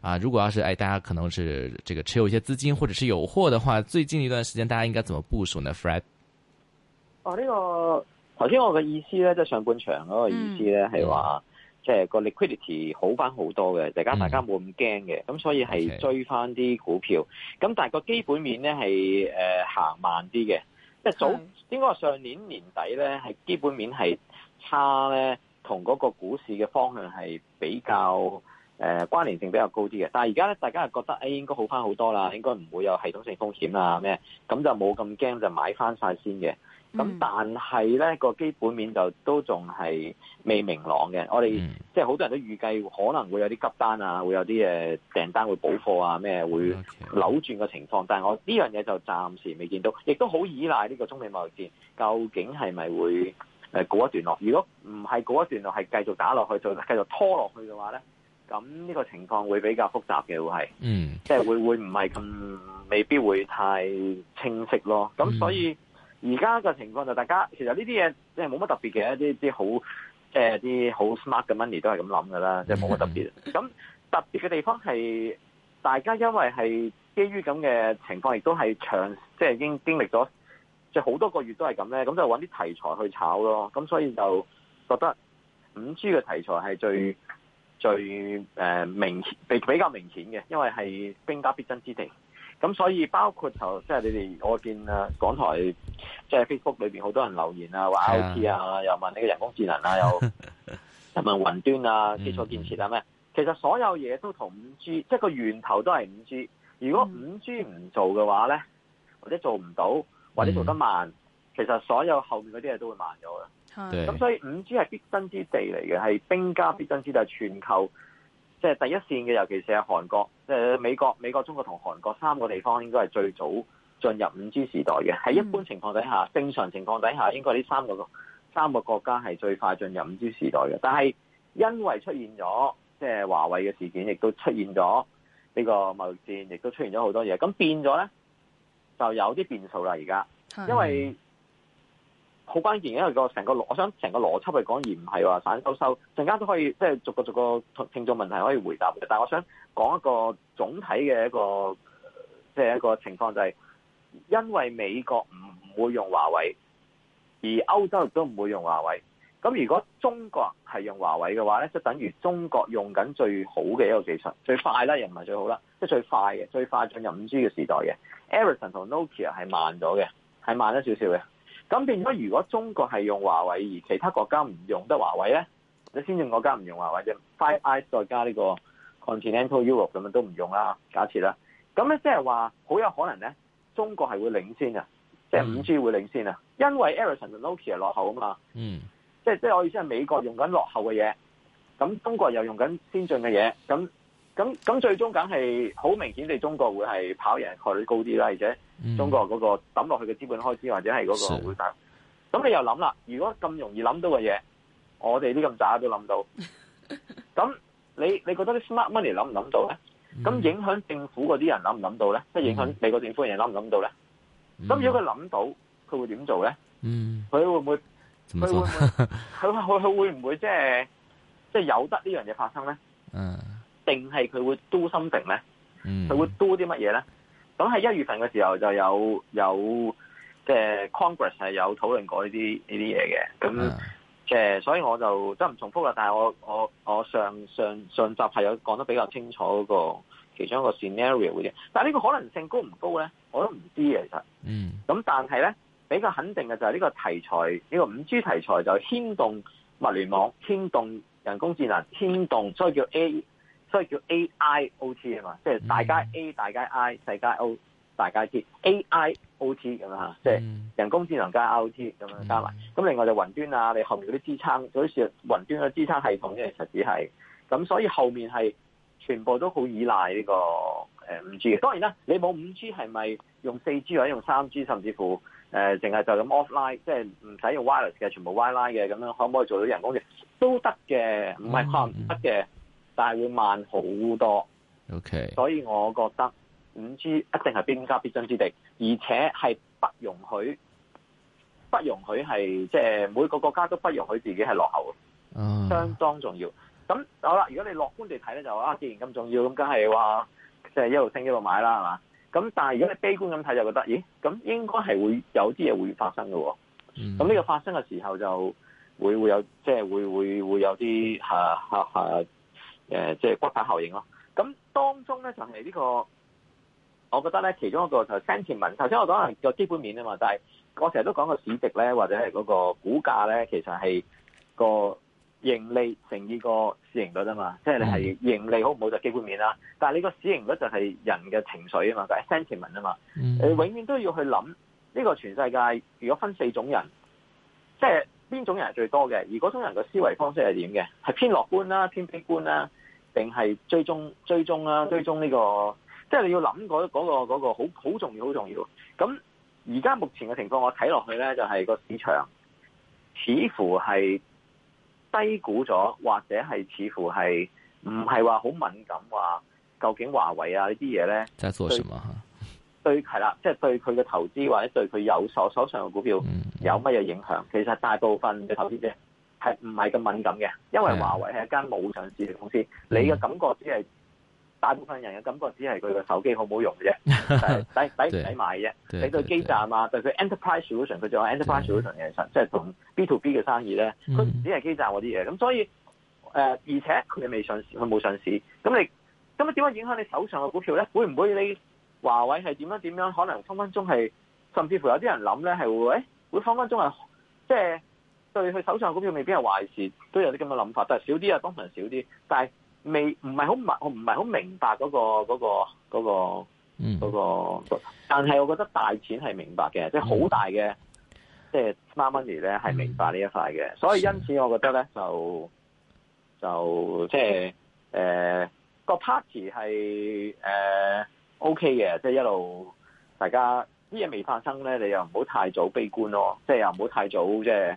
啊，如果要是，誒，大家可能是這個持有一些資金，或者是有貨的話，最近一段時間大家應該怎麼部署呢？Fred？啊、哦，呢、這個頭先我嘅意思咧，即、就、係、是、上半場嗰個意思咧，係話即係個 liquidity 好翻好多嘅，而家大家冇咁驚嘅，咁、嗯、所以係追翻啲股票。咁 Okay. 但係個基本面咧係誒行慢啲嘅，即係早應該、嗯、上年年底咧係基本面係差咧，同嗰個股市嘅方向係比較。誒關聯性比較高啲嘅，但係而家咧，大家又覺得誒、哎、應該好翻好多啦，應該唔會有系統性風險啦咩？咁就冇咁驚，就買翻晒先嘅。咁、嗯、但係咧個基本面就都仲係未明朗嘅。我哋、嗯、即係好多人都預計可能會有啲急單啊，會有啲誒訂單會補貨啊咩，會扭轉個情況。Okay, okay. 但係我呢樣嘢就暫時未見到，亦都好依賴呢個中美貿易戰究竟係咪會誒告一段落？如果唔係告一段落，係繼續打落去，就繼續拖落去嘅話咧？咁呢個情況會比較複雜嘅，會係，即係、嗯、會會唔係咁，未必會太清晰咯。咁所以而家個情況就，大家其實呢啲嘢即係冇乜特別嘅，一啲啲好，即、呃、啲好 smart 嘅 money 都係咁諗㗎啦，即係冇乜特別。咁、嗯、特別嘅地方係大家因為係基於咁嘅情況，亦都係長，即、就、係、是、已經經歷咗就好、是、多個月都係咁咧，咁就搵啲題材去炒咯。咁所以就覺得 5G 嘅題材係最、嗯。最誒明顯，比比較明顯嘅，因為係兵家必爭之地，咁所以包括頭先你哋，我見啊港台即係、就是、Facebook 裏面好多人留言啊，話 IOT 啊，又問呢個人工智能啊，又 又問雲端啊，基礎建設啊咩，其實所有嘢都同五 G，即係個源頭都係五 G。如果五 G 唔做嘅話咧，或者做唔到，或者做得慢， 其實所有後面嗰啲嘢都會慢咗。咁所以五 G 係必爭之地嚟嘅，係兵家必爭之地，係全球即係、就是、第一線嘅。尤其是係韓國、誒、呃、美國、美國、中國同韓國三個地方，應該係最早進入五 G 時代嘅。喺一般情況底下，嗯、正常情況底下，應該呢三個國三個國家係最快進入五 G 時代嘅。但係因為出現咗即係華為嘅事件，亦都出現咗呢個貿易戰，亦都出現咗好多嘢，咁變咗咧就有啲變數啦。而家的因為。好關鍵，因為整個成個我想成個邏輯嚟講，而唔係話散收收，陣間都可以即係、就是、逐個逐個聽眾問題可以回答嘅。但係我想講一個總體嘅一個即係一個情況、就是，就係因為美國唔會用華為，而歐洲亦都唔會用華為。咁如果中國係用華為嘅話咧，即係等於中國用緊最好嘅一個技術，最快啦，又唔係最好啦，即、就、係、是、最快嘅，最快進入 5G 嘅時代嘅。Ericsson 同 Nokia、ok、係慢咗嘅，係慢咗少少嘅。咁變咗，如果中國係用華為，而其他國家唔用得華為咧，你先進國家唔用華為啫。Five Eyes 再加呢個 Continental Europe 咁樣都唔用啦，假設啦。咁咧即係話，好有可能咧，中國係會領先嘅，即係五 G 會領先啊，因為 Ericsson 同 Nokia、ok、落後啊嘛。嗯。即係即係我意思係美國用緊落後嘅嘢，咁中國又用緊先進嘅嘢，咁。咁咁，最終梗係好明顯，你中國會係跑贏概率高啲啦，而且中國嗰個抌落去嘅資本開支或者係嗰個會大。咁是你又諗啦，如果咁容易諗到嘅嘢，我哋啲咁渣都諗到。咁 你你覺得啲 smart money 諗唔諗到咧？咁影響政府嗰啲人諗唔諗到咧？即係、嗯、影響美國政府嘅人諗唔諗到咧？咁、嗯、如果佢諗到，佢會點做咧？嗯，佢會唔會？佢會唔 會即係即係有得呢樣嘢發生咧？嗯、啊。定係佢會 do something 咧？佢會 do 啲乜嘢咧？咁喺一月份嘅時候就有有嘅 Congress 係有討論過呢啲呢啲嘢嘅。咁嘅、嗯、所以我就得唔重複啦。但係我我我上上上集係有講得比較清楚嗰個其中一個 scenario 嘅，但係呢個可能性高唔高咧？我都唔知其實。嗯，咁但係咧，比較肯定嘅就係呢個題材，呢、呢個五 G 題材就牽動物聯網，牽動人工智能，牽動所以叫 A。所以叫 A I O T 啊嘛，即係大家 A、mm hmm. 大家 I 大街 O 大家 A、I、o T A I O T 咁啊，即係人工智能加、I、O T 咁樣加埋。咁、mm hmm. 另外就雲端啊，你後面嗰啲支撐嗰啲事，雲端嘅支撐系統咧，實質係咁，所以後面係全部都好依賴呢個5五 G 嘅。當然啦，你冇五 G 係咪用四 G 或者用三 G，甚至乎誒淨係就咁 offline，即係唔使用 W i r e l e s s 嘅，全部 Wi r e l e s s 嘅咁樣，可唔可以做到人工嘅？都得嘅？唔係可能唔得嘅。Mm hmm. 但係會慢好多，OK。所以我覺得五 G 一定係兵家必爭之地，而且係不容許、不容許係即係每個國家都不容許自己係落後，相當重要。咁、oh. 好啦，如果你樂觀地睇咧，就啊既然咁重要，咁梗係話即係一路升一路買啦，係嘛。咁但係如果你悲觀咁睇，就覺得咦，咁應該係會有啲嘢會發生嘅。咁呢、mm. 個發生嘅時候就，就是、會會,會有即係會會會有啲吓吓吓。啊啊誒，即係骨牌效應咯。咁當中咧就係呢個，我覺得咧其中一個就係 sentiment。頭先我講係個基本面啊嘛，但係我成日都講個市值咧，或者係嗰個股價咧，其實係個盈利乘以個市盈率吖嘛。即係你係盈利好唔好就基本面啦，但係你個市盈率就係人嘅情緒啊嘛，就係 sentiment 啊嘛。你永遠都要去諗呢個全世界，如果分四種人，即係邊種人係最多嘅，而嗰種人嘅思維方式係點嘅？係偏樂觀啦，偏悲觀啦。定係追蹤追蹤啦，追蹤呢、啊這個，即、就、係、是、你要諗嗰嗰個嗰、那個好好重要好重要。咁而家目前嘅情況，我睇落去咧就係、是、個市場似乎係低估咗，或者係似乎係唔係話好敏感，話究竟華為啊呢啲嘢咧？做什麼對，對，係啦，即係對佢嘅投資或者對佢有所手上嘅股票有乜嘢影響？其實大部分嘅投資者，係唔係咁敏感嘅？因為華為係一間冇上市嘅公司，的你嘅感覺只係大部分人嘅感覺只係，只係佢個手機好唔好用啫，使使唔使買啫。你對基站啊，對佢 enterprise solution，佢仲有 enterprise solution 其實即係同 B to B 嘅生意咧，佢唔止係基站嗰啲嘢。咁所以誒、呃，而且佢未上市，佢冇上市，咁你咁樣點會影響你手上嘅股票咧？會唔會你華為係點樣點樣？可能分分鐘係甚至乎有啲人諗咧，係會誒，會分分鐘係即係。對佢手上股票未必係壞事，都有啲咁嘅諗法，但係少啲啊，當盤少啲，但係未唔係好明，唔係好明白嗰個嗰個嗰個嗰個，嗯、但係我覺得大錢係明白嘅，即係好大嘅，即係 smart money 咧係明白呢一塊嘅，嗯、所以因此我覺得咧就就即係誒個 party 係誒、呃、OK 嘅，即係一路大家啲嘢未發生咧，你又唔好太早悲觀咯，即係又唔好太早即係。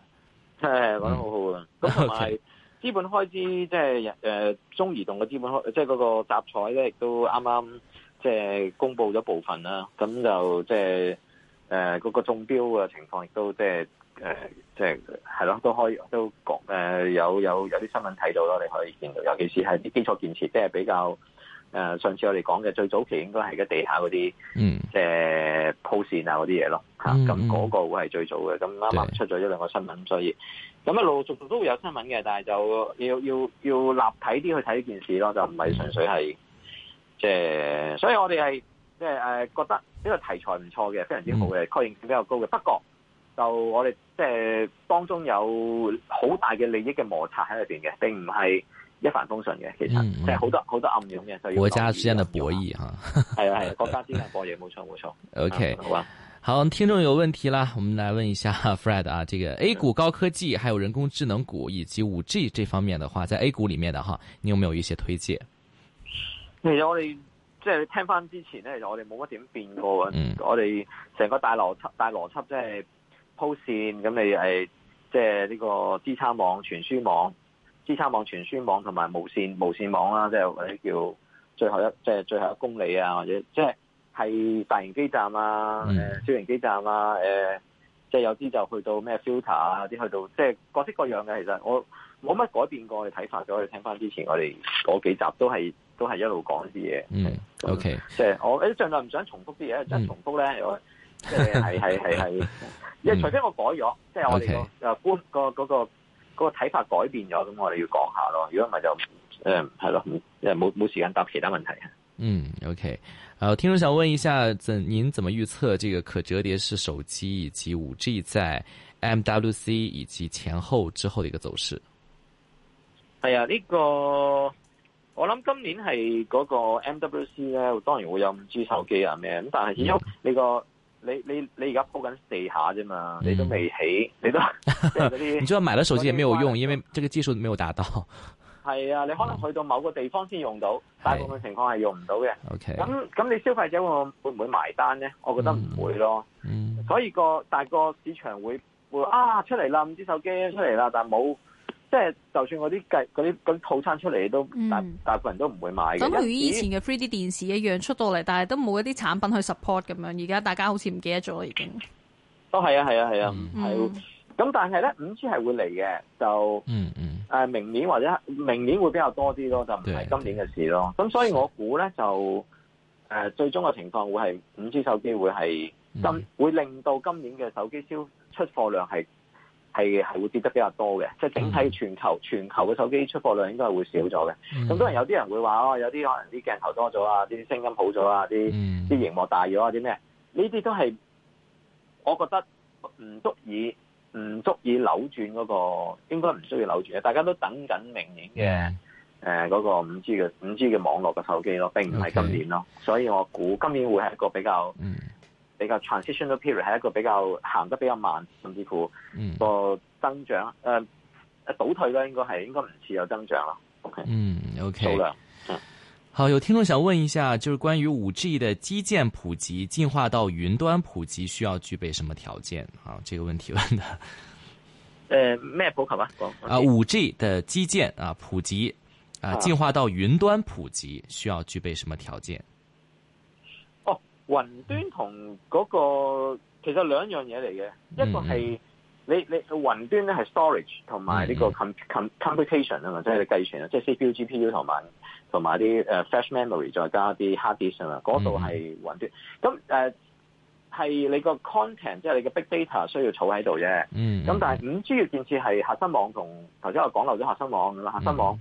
誒，講得好好啊！咁同埋資本開支，即係誒，中移動嘅資本開，即係嗰個集採咧，亦都啱啱即係公布咗部分啦。咁就即係誒，嗰個中標嘅情況亦都即係誒，即係係咯，都可以都講誒，有有有啲新聞睇到咯，你可以見到，尤其是係啲基礎建設，即係比較。誒上次我哋講嘅最早期應該係喺地下嗰啲，即係、嗯呃、鋪線啊嗰啲嘢咯，咁嗰、嗯嗯、個會係最早嘅。咁啱啱出咗一兩個新聞，嗯、所以咁陸陸續續都會有新聞嘅，但係就要要要立體啲去睇呢件事咯，就唔係純粹係即係。所以我哋係即係誒覺得呢個題材唔錯嘅，非常之好嘅，嗯、確認性比較高嘅。不過就我哋即係當中有好大嘅利益嘅摩擦喺入邊嘅，並唔係一帆風順嘅，其實即係好多好、嗯、多，多暗湧嘅影，所以國家之間的博弈啊，係啊係啊，國家之間博弈，冇錯冇錯。錯錯 OK，好啊、嗯。好，聽眾有問題啦，我們來問一下 Fred 啊，這個 A 股高科技，還有人工智能股以及五 G 這方面的話，在 A 股裡面的哈，你有沒有一些推介？其實我哋即係聽翻之前咧，其實我哋冇乜點變過，嗯、我哋成個大邏輯大邏輯即係鋪線，咁你係即係呢個支撐網、傳輸網。支撐網、傳輸網同埋無線無線網啦，即係或者叫最後一即係最後一公里啊，或者即係係大型基站啊、誒、嗯呃、小型基站啊、誒、呃、即係有啲就去到咩 filter 啊，有啲去到即係各式各樣嘅。其實我冇乜改變過嘅睇法，所以我聽翻之前我哋嗰幾集都係都係一路講啲嘢。嗯，OK，即係我誒盡量唔想重複啲嘢，真係重複咧，我即係係係係，你、就是嗯、除非我改咗，即係我哋個觀個嗰個。Okay, 嗰個嗰個嗰個睇法改變咗，咁我哋要講下咯。如果唔係就，誒係咯，因冇冇時間答其他問題。嗯，OK。好，聽眾想問一下，怎您怎麼預測這個可折疊式手機以及五 G 在 MWC 以及前後之後的一個走勢？係啊，呢、這個我諗今年係嗰個 MWC 咧，當然會有五 G 手機啊咩咁，但係而家你個。嗯你你你四而家鋪緊地下啫嘛，你都未起，嗯、你都啲。就是、 你就算買咗手機也沒有用，因為這個技術沒有達到。係啊，你可能去到某個地方先用到，大部分情況係用唔到嘅。O K，咁咁你消費者會會唔會埋單呢？我覺得唔會咯。嗯，所以個大個市場會會啊出嚟啦，五 G 手機出嚟啦，但係冇。即係就，就算嗰啲計啲套餐出嚟，都大大部分人都唔會買，咁佢、嗯、以前嘅 3D 電視一樣出到嚟，但係都冇一啲產品去 support 咁樣。而家大家好似唔記得咗，已經、哦。都係啊，係啊，係啊，係、啊。咁、嗯啊、但係咧，五 G 係會嚟嘅，就嗯嗯誒、呃、明年或者明年會比較多啲咯，就唔係今年嘅事咯。咁所以我估咧就誒、呃、最終嘅情況會係五 G 手機會係今、嗯、會令到今年嘅手機銷出貨量係。係係會跌得比較多嘅，即，就，係，是，整體全球、嗯、全球嘅手機出貨量應該係會少咗嘅。咁、嗯、當然有啲人會話哦，有啲可能啲鏡頭多咗啊，啲聲音好咗啊，啲啲熒幕大咗啊，啲咩？呢啲都係我覺得唔足以唔足以扭轉嗰，那個，應該唔需要扭轉啊！大家都等緊明年嘅誒嗰個五 G 嘅五 G 嘅網絡嘅手機咯，並唔係今年咯。Okay, 所以我估今年會係一個比較嗯。比較 transitional period 係一個比較行得比較慢，甚至乎個增長誒誒、嗯呃、倒退啦，應該係應該唔似有增長啦 OK，嗯 OK，嗯，好，有聽眾想問一下，就是關於五 G 的基建普及進化到雲端普及需要具備什麼條件？啊，這個問題問的。誒咩、呃、普及啊？啊、oh, okay. 五 G 的基建啊普及啊進化到雲端普及需要具備什麼條件？啊啊雲端同嗰個其實兩樣嘢嚟嘅，mm hmm. 一個係你你雲端咧係 storage 同埋呢個 com com computation 啊嘛，即係你計算啊，即係 CPU GPU 同埋同埋啲、uh, fresh memory 再加啲 hard disk 啊嘛，嗰度係雲端。咁誒係你個 content 即係你嘅 big data 需要儲喺度啫。咁、mm hmm. 但係五 G 嘅建設係核心網，同頭先我講漏咗核心網核心網。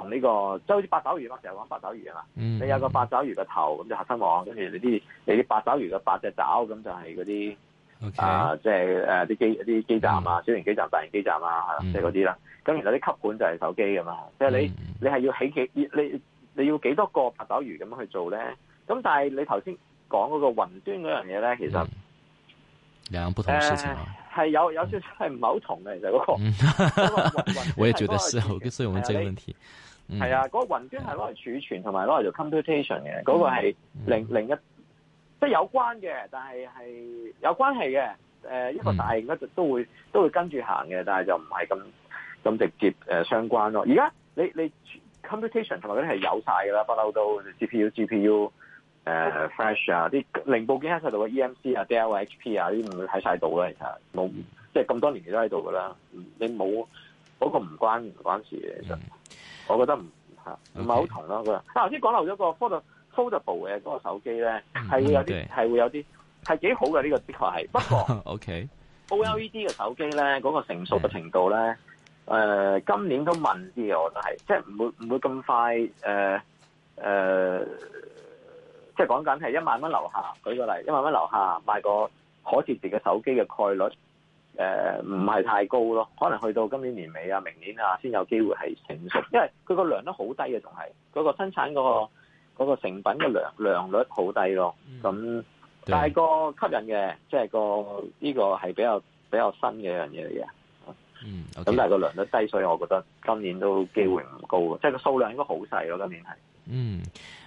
同呢個即係好似八爪魚，我成日玩八爪魚啊嘛！你有個八爪魚個頭咁就核心網，跟住你啲你啲八爪魚嘅八隻爪咁就係嗰啲啊，即係誒啲機啲基站啊，小型基站、大型基站啊，即係嗰啲啦。咁然後啲吸管就係手機噶嘛，即係你你係要起幾你你要幾多個八爪魚咁樣去做咧？咁但係你頭先講嗰個雲端嗰樣嘢咧，其實兩樣不同嘅事情啊，係有有少少係唔係好同嘅，其實嗰個。我也覺得是，我跟住問這個問題。係、嗯、啊，嗰、那個雲端係攞嚟儲存同埋攞嚟做 computation 嘅，嗰、那個係另另一，即係有關嘅，但係係有關係嘅。誒、呃、一個大型一直都會都會跟住行嘅，但係就唔係咁咁直接誒、呃、相關咯。而家你你 computation 同埋嗰啲係有晒㗎啦，不嬲都 GPU GPU 誒、呃、fresh 啊啲零部件喺曬度嘅，EMC 啊、Dell HP 啊啲唔會喺晒度啦，其實冇即係咁多年期都喺度㗎啦，你冇。嗰個唔關唔關事嘅，其實，我覺得唔嚇唔係好同咯。佢頭先講漏咗個 fold foldable 嘅嗰個手機咧，係會有啲係會有啲係幾好嘅呢個，的確係。不過 OK OLED 嘅手機咧，嗰個成熟嘅程度咧，誒今年都慢啲我覺得係，即係唔會唔會咁快誒誒，即係講緊係一萬蚊樓下舉個例，一萬蚊樓下買個可折疊嘅手機嘅概率。誒唔係太高咯，可能去到今年年尾啊、明年啊，先有機會係成熟，因為佢個量都好低嘅、啊，仲係嗰個生產嗰個成品嘅量量率好低咯。咁、嗯、但係個吸引嘅，即、就、係、是、個呢個係比較比較新嘅一樣嘢嚟嘅。嗯，咁、okay。但係個量率低，所以我覺得今年都機會唔高，即、就、係、是、個數量應該好細咯。今年係嗯。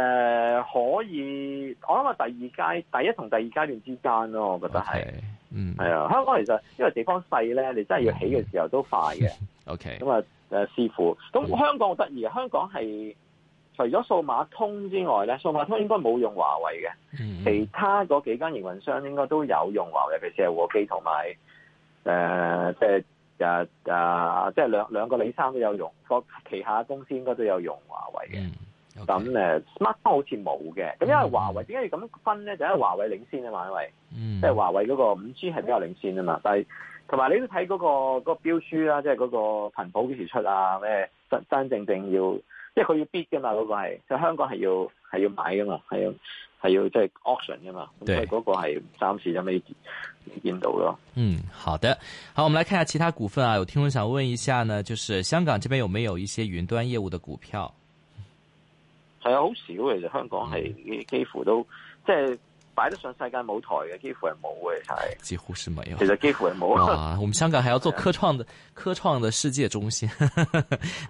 誒、呃，可以，我諗啊，第二階、第一同第二階段之間咯、哦，我覺得係，嗯、okay. mm，係、hmm. 啊，香港其實因為地方細咧，你真係要起嘅時候都快嘅。OK，咁啊，誒、hmm. 呃，師傅，咁、mm hmm. 香港好得意，香港係除咗數碼通之外咧，數碼通應該冇用華為嘅，mm hmm. 其他嗰幾間營運商應該都有用華為，譬如四和記同埋，誒、呃，即係啊啊，即係兩兩個李生都有用，個旗下公司應該都有用華為嘅。Mm hmm. 咁誒，smart 好似冇嘅，咁、就是、因為華為點解要咁分咧？就因為華為領先啊嘛，因為即係華為嗰個五 G 係比較領先啊嘛。但係同埋你都睇嗰個、嗰個標書啦，即係嗰個頻譜幾時出啊？咩真真正正要，即係佢要 bid 噶嘛？嗰、嗰個係，就是、香港係要係要買噶嘛？係要係要即係 auction 噶嘛？對，嗰個係暫時就未見到咯。嗯，好的，好，我們來看一下其他股份啊。有聽眾想問一下呢，就是香港這邊有沒有一些雲端業務的股票？係啊，好少其實香港係幾乎都即係擺得上世界舞台嘅，幾乎係冇嘅係。幾乎是冇。其實幾乎係冇啊。我們香港還要做科創的科創的世界中心，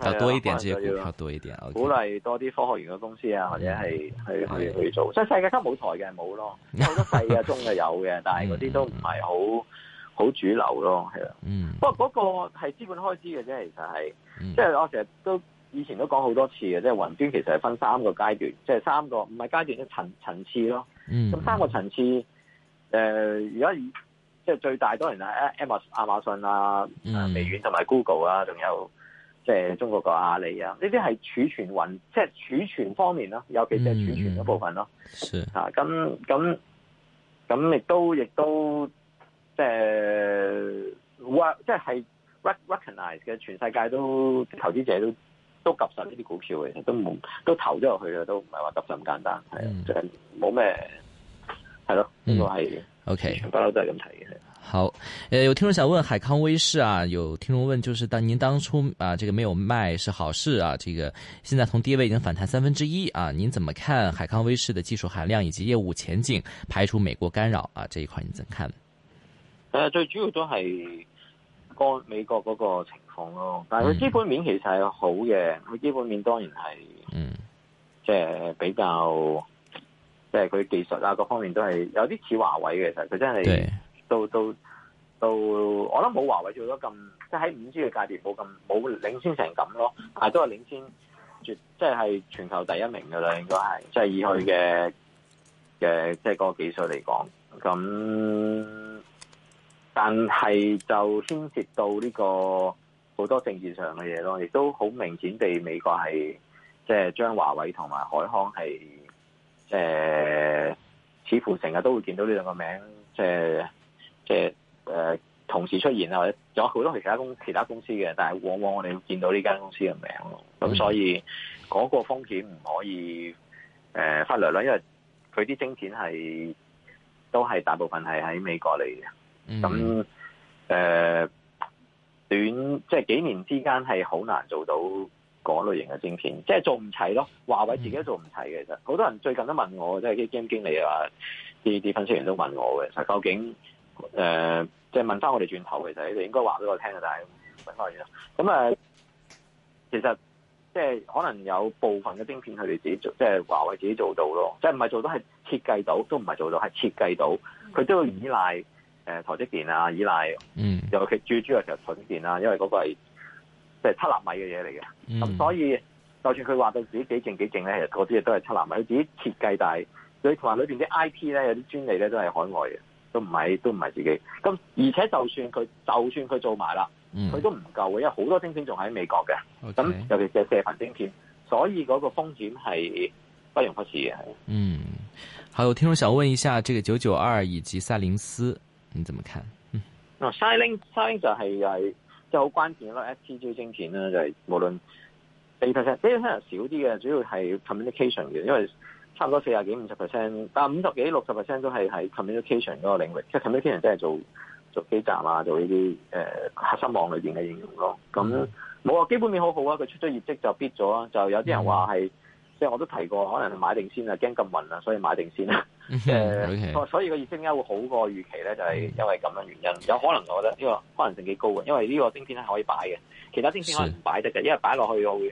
要多一點，這些股票多一點。鼓勵多啲科學園公司啊，或者係去去去做，即係世界級舞台嘅冇咯。好多世界中嘅有嘅，但係嗰啲都唔係好好主流咯，係啦。嗯。不過嗰個係資本開支嘅啫，其實係，即係我成日都。以前都講好多次嘅，即係雲端其實係分三個階段，即係三個唔係階段，一係層，層次咯。咁、嗯、三個層次，誒、呃，而家即係最大當然係 Amazon 亞馬遜啦、微軟同埋 Google 啊，仲有即係中國個阿里啊，呢啲係儲存雲，即係儲存方面咯，尤其係儲存嗰部分咯。是咁咁咁亦都亦都即係 rec 即 rec recognize 嘅全世界都投資者都。都及實呢啲股票嘅，都投咗入去嘅，都唔係話及實咁簡單，係啊、嗯，冇咩係咯，呢個係，OK，不嬲都係咁睇嘅。好，誒、呃，有聽眾想問海康威視啊，有聽眾問，就是當您當初啊，這個沒有賣是好事啊，呢、這個現在從低位已經反彈三分之一啊，您怎麼看海康威視嘅技術含量以及業務前景？排除美國干擾啊，呢一塊你怎麼看？誒、啊，最主要都係，美國嗰個情況咯，但係佢基本面其實係好嘅，佢、嗯、基本面當然係，嗯、即係比較，即係佢技術啦各方面都係有啲似華為嘅，其實佢真係到對到到，我諗冇華為做得咁，即係喺五 G 嘅界別冇咁冇領先成咁咯，但係都係領先，絕即係係全球第一名噶啦，應該係即係以佢嘅嘅即係嗰個技術嚟講，咁。但係就牽涉到呢個好多政治上嘅嘢咯，亦都好明顯地美國係即係將華為同埋海康係誒、呃，似乎成日都會見到呢兩個名，即係即係同時出現，或者有好多其他公其他公司嘅，但係往往我哋會見到呢間公司嘅名咯，咁、mm hmm. 所以嗰個風險唔可以誒、呃、忽略啦，因為佢啲晶片係都係大部分係喺美國嚟嘅。咁誒、嗯嗯、短即係、就是、幾年之間係好難做到嗰類型嘅晶片，即、就、係、是、做唔齊咯。華為自己都做唔齊嘅，其實好多人最近都問我，即係啲 game 經理啊，啲啲、嗯、分析員都問我嘅。其實究竟誒，即、呃、係、就是、問翻我哋轉頭，其實你哋應該話俾我聽啊，但家問翻我咁誒，其實即係、就是、可能有部分嘅晶片，佢哋自己做，即、就、係、是、華為自己做到咯，即係唔係做到係設計到，都唔係做到係設計到，佢都要依賴。誒台積電啊，依賴，嗯、尤其最主要就係台積電啊，因為嗰個係即係七納米嘅嘢嚟嘅，咁、嗯、所以就算佢話到自己幾正幾正咧，其實嗰啲嘢都係七納米，佢自己設計，但係佢同埋裏邊啲 IP 咧有啲專利咧都係海外嘅，都唔係都唔係自己。咁而且就算佢就算佢做埋啦，佢、嗯、都唔夠嘅，因為好多晶片仲喺美國嘅，咁 Okay. 尤其是係射頻晶片，所以嗰個風險係不容忽視嘅。係嗯，好，我聽眾想問一下，這個九九二以及賽靈思。你怎麼看？哦、oh,，Siling，Siling 就係係即係好關鍵咯，STG 晶片啦，就係無論，percent，呢少啲嘅，主要係 communication 嘅，因為差唔多四廿幾、五十 percent，但五十幾、六十 percent 都係喺 communication 嗰個領域，即、就、係、是、communication 都係做做機站啊，做呢啲誒核心網裏邊嘅應用咯。咁冇啊，mm hmm. 基本面很好好啊，佢出咗業績就 beat 咗啊，就有啲人話係，mm hmm. 即係我都提過，可能係買定先啊，驚咁暈啊，所以買定先啊。所以個業績而會好過預期咧，就係、是、因為咁樣的原因。嗯、有可能我覺得呢個可能性幾高嘅，因為呢個芯片係可以擺嘅，其他芯片可能唔擺得嘅，是因為擺落去我會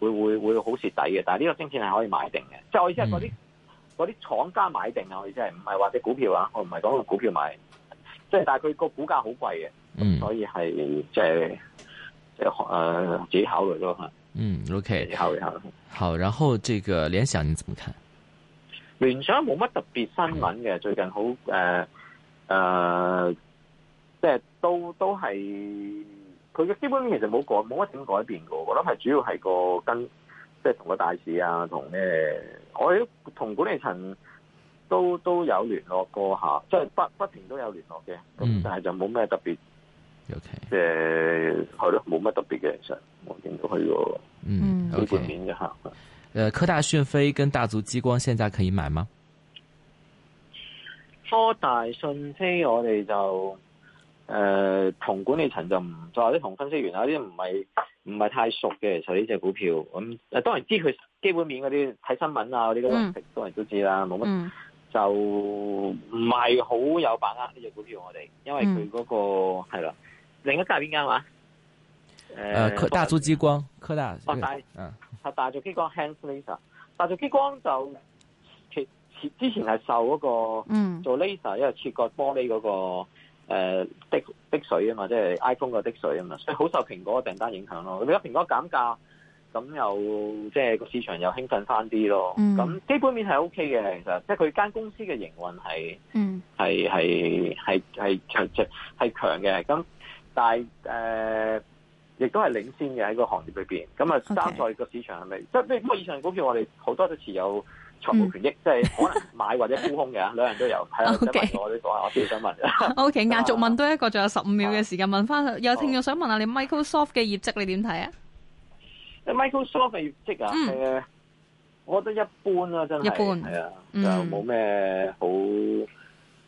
會會會好蝕底嘅。但係呢個芯片係可以買定嘅，即係、嗯、我意思係嗰啲啲廠家買定啊，我意思係唔係話啲股票啊，我唔係講個股票買的，即係但係佢個股價好貴嘅，嗯、所以係即係即係誒自己考慮咯吓。嗯，OK，好，好，好，然後這個聯想你怎麼看？聯想冇乜特別新聞嘅，最近好誒誒，即係都都係佢嘅，的基本上其實冇改冇乜點改變噶。我諗係主要係個跟，即係同個大市啊，同咩，我哋同管理層都都有聯絡過下，即係不不停都有聯絡嘅。咁但係就冇咩特別，即係係咯，冇乜特別嘅，其實我見到佢個基本面就吓。誒、呃，科大訊飛跟大族激光現在可以買嗎？科大訊飛我哋就誒、呃、同管理層就唔，再係同分析員啊啲唔係唔係太熟嘅，其實呢隻股票咁誒、嗯，當然知佢基本面嗰啲睇新聞啊，呢啲都係都知啦，冇乜、嗯、就唔係好有把握呢隻股票我哋，因為佢嗰、那個係啦、嗯。另一間係邊間話？誒、呃，大族激光，科大、啊、科大嗯。啊大族激光 hand laser，大族激光就其之前係受嗰個做 laser，、mm. 因為切割玻璃嗰、那個滴、呃、水啊嘛，即係 iPhone 個滴水啊嘛，所以好受蘋果嘅訂單影響咯。如果蘋果減價，咁又即係個市場又興奮翻啲咯。咁、mm. 基本面係 O K 嘅，其實即係佢間公司嘅營運係、mm. 強嘅。咁但係、呃亦都係領先嘅喺個行業裏邊，咁啊，三在個市場係咪？即係呢？不過以上股票，我哋好多都持有財務權益，即係可能買或者沽空嘅，兩樣都有。係啊，OK，我都講下，我自己想問。OK，壓軸問多一個，仲有十五秒嘅時間，問翻有聽眾想問下你 Microsoft 嘅業績你點睇啊？Microsoft 嘅業績啊，誒，我覺得一般啦，真係，係啊，就冇咩好。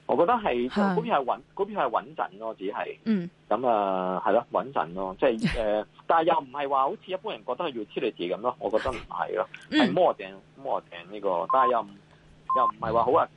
我覺得係嗰邊係穩，嗰邊係穩陣咯，只係，咁啊，係咯，穩陣咯，即係，呃， 但係又唔係話好似一般人覺得係要黐你字咁咯，我覺得唔係咯，係磨頂磨頂呢個，但係又唔又唔係話好啊。